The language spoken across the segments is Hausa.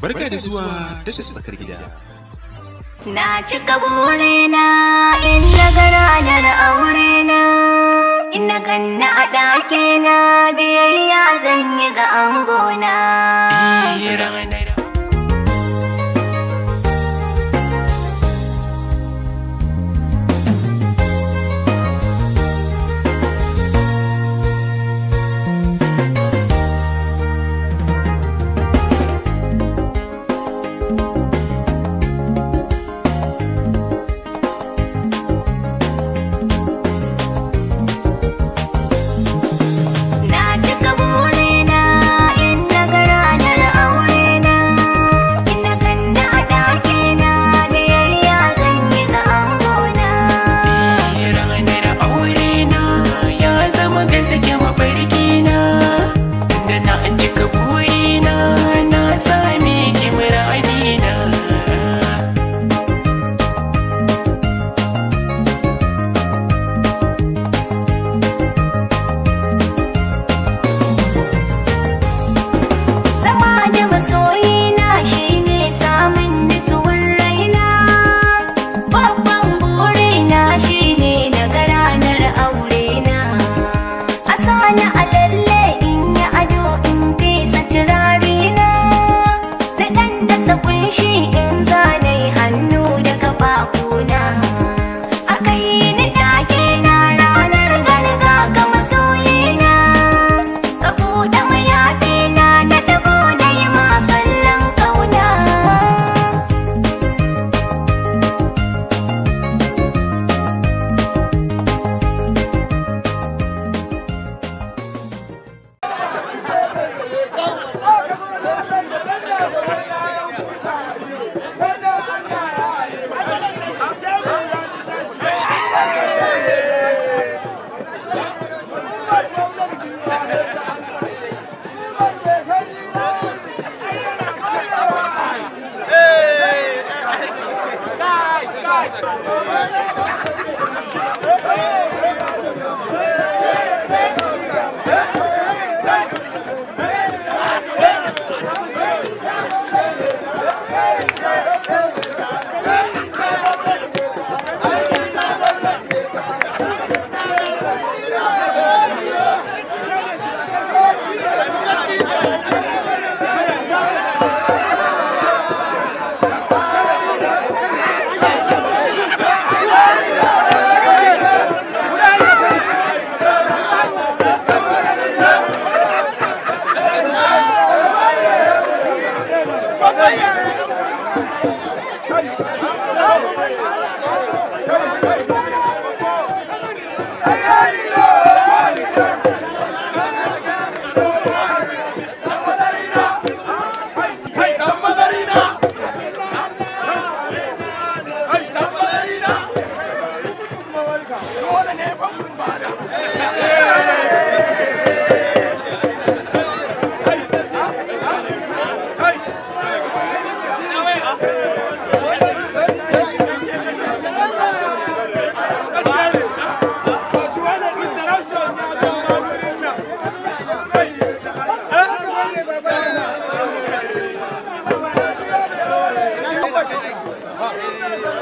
Barka da zuwa tashar tsakar gida. Na cika na in na ga ranar na, in na ganna a ɗakina biyayya zan yi ga angona. Eh, na.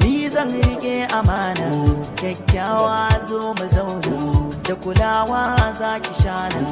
ni zan rike amana kyakkyawa zo mu zauna da kulawa za ki shana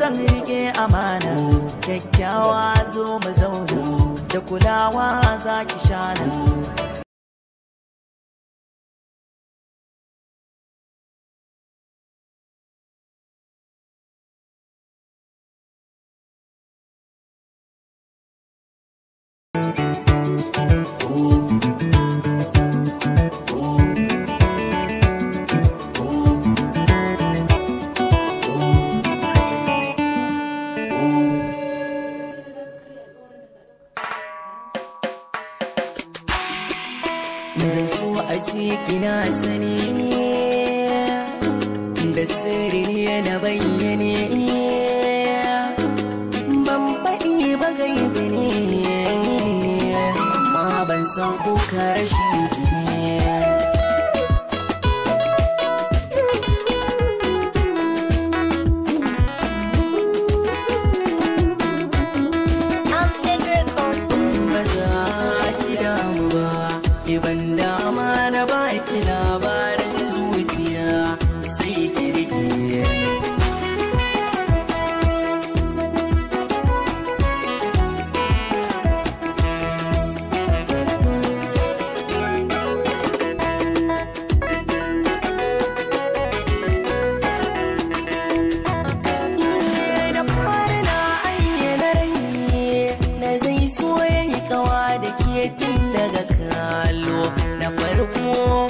zan rike amana kyakkyawa zo mu zauna da kulawa za ki shana thank zan so a ciki kina sani da sirri na bayyane ban baɗi ba gaibe ne ma ban san ko rashin lukumu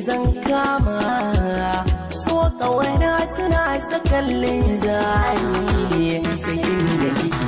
zan kama so na suna sakan linzami sai inda kike